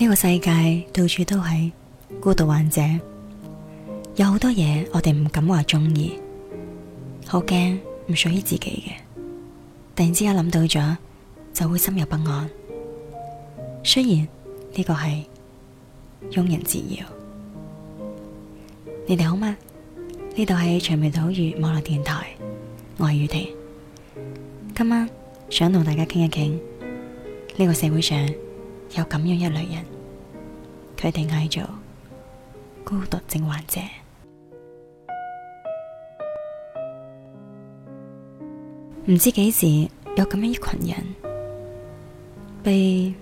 呢個世界到處都係孤獨患者，有好多嘢我哋唔敢話中意，好驚唔屬於自己嘅。突然之間諗到咗，就會心有不安。雖然呢個係庸人自擾。你哋好嘛？呢度係薔薇島嶼網絡電台，我係宇婷，今晚想同大家傾一傾呢個社會上。有咁樣一類人，佢哋嗌做孤獨症患者。唔知幾時有咁樣一群人，被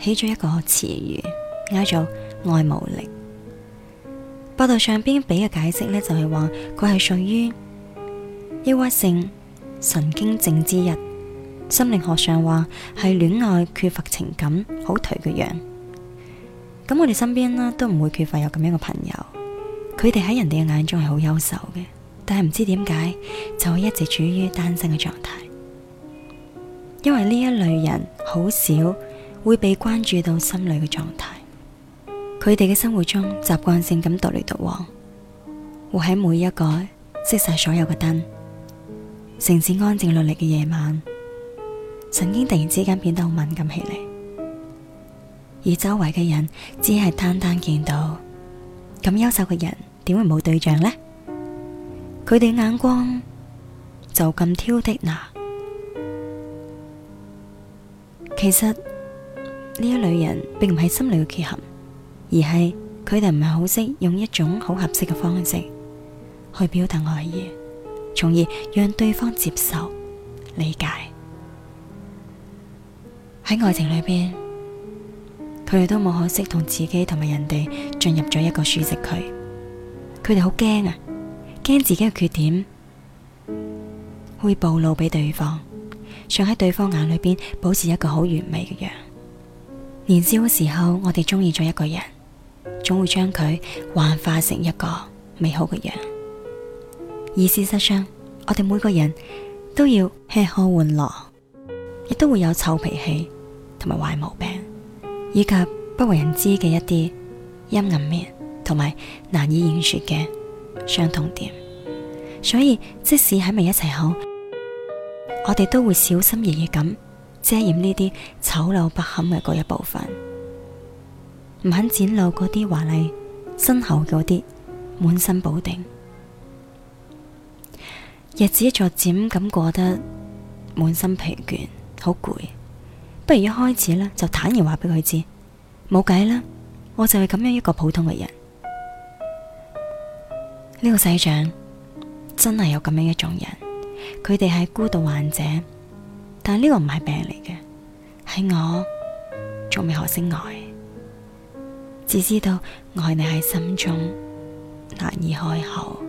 起咗一個詞語，嗌做愛無力。百度上邊俾嘅解釋呢，就係話佢係屬於抑鬱性神經症之一。心理學上話係戀愛缺乏情感，好頹嘅樣子。咁我哋身邊咧都唔會缺乏有咁樣嘅朋友，佢哋喺人哋嘅眼中係好優秀嘅，但係唔知點解就會一直處於單身嘅狀態。因為呢一類人好少會被關注到心裏嘅狀態，佢哋嘅生活中習慣性咁獨嚟獨往，會喺每一個熄晒所有嘅燈，城市安靜落嚟嘅夜晚。神經突然之間變得好敏感起嚟，而周圍嘅人只係單單見到咁優秀嘅人，點會冇對象呢？佢哋眼光就咁挑剔嗱。其實呢一類人並唔係心裏嘅缺陷，而係佢哋唔係好識用一種好合適嘅方式去表達愛意，從而讓對方接受理解。喺愛情裏邊，佢哋都冇可惜同自己同埋人哋進入咗一個舒適區，佢哋好驚啊，驚自己嘅缺點會暴露俾對方，想喺對方眼裏邊保持一個好完美嘅樣。年少嘅時候，我哋中意咗一個人，總會將佢幻化成一個美好嘅樣，而事實上，我哋每個人都要吃喝玩樂，亦都會有臭脾氣。同埋壞毛病，以及不為人知嘅一啲陰暗面，同埋難以言說嘅傷痛點。所以，即使喺埋一齊後，我哋都會小心翼翼咁遮掩呢啲醜陋不堪嘅嗰一部分，唔肯展露嗰啲華麗身後嗰啲滿身補丁。日子逐漸咁過得滿心疲倦，好攰。不如一開始咧就坦然話俾佢知，冇計啦，我就係咁樣一個普通嘅人。呢個世上真係有咁樣一種人，佢哋係孤獨患者，但呢個唔係病嚟嘅，係我仲未學識愛，只知道愛你喺心中，難以開口。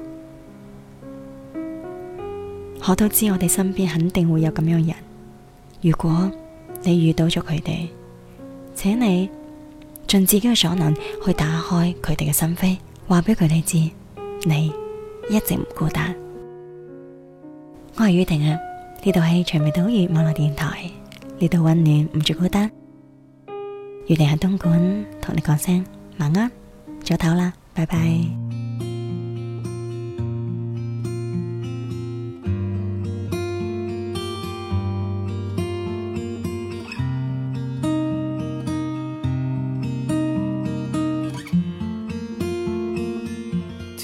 我都知我哋身邊肯定會有咁樣人，如果，你遇到咗佢哋，請你盡自己嘅所能去打開佢哋嘅心扉，話俾佢哋知，你一直唔孤單。我係宇婷啊，呢度係薔薇島嶼網絡電台，呢度溫暖唔住孤單。宇婷喺東莞同你講聲晚安，早唞啦，拜拜。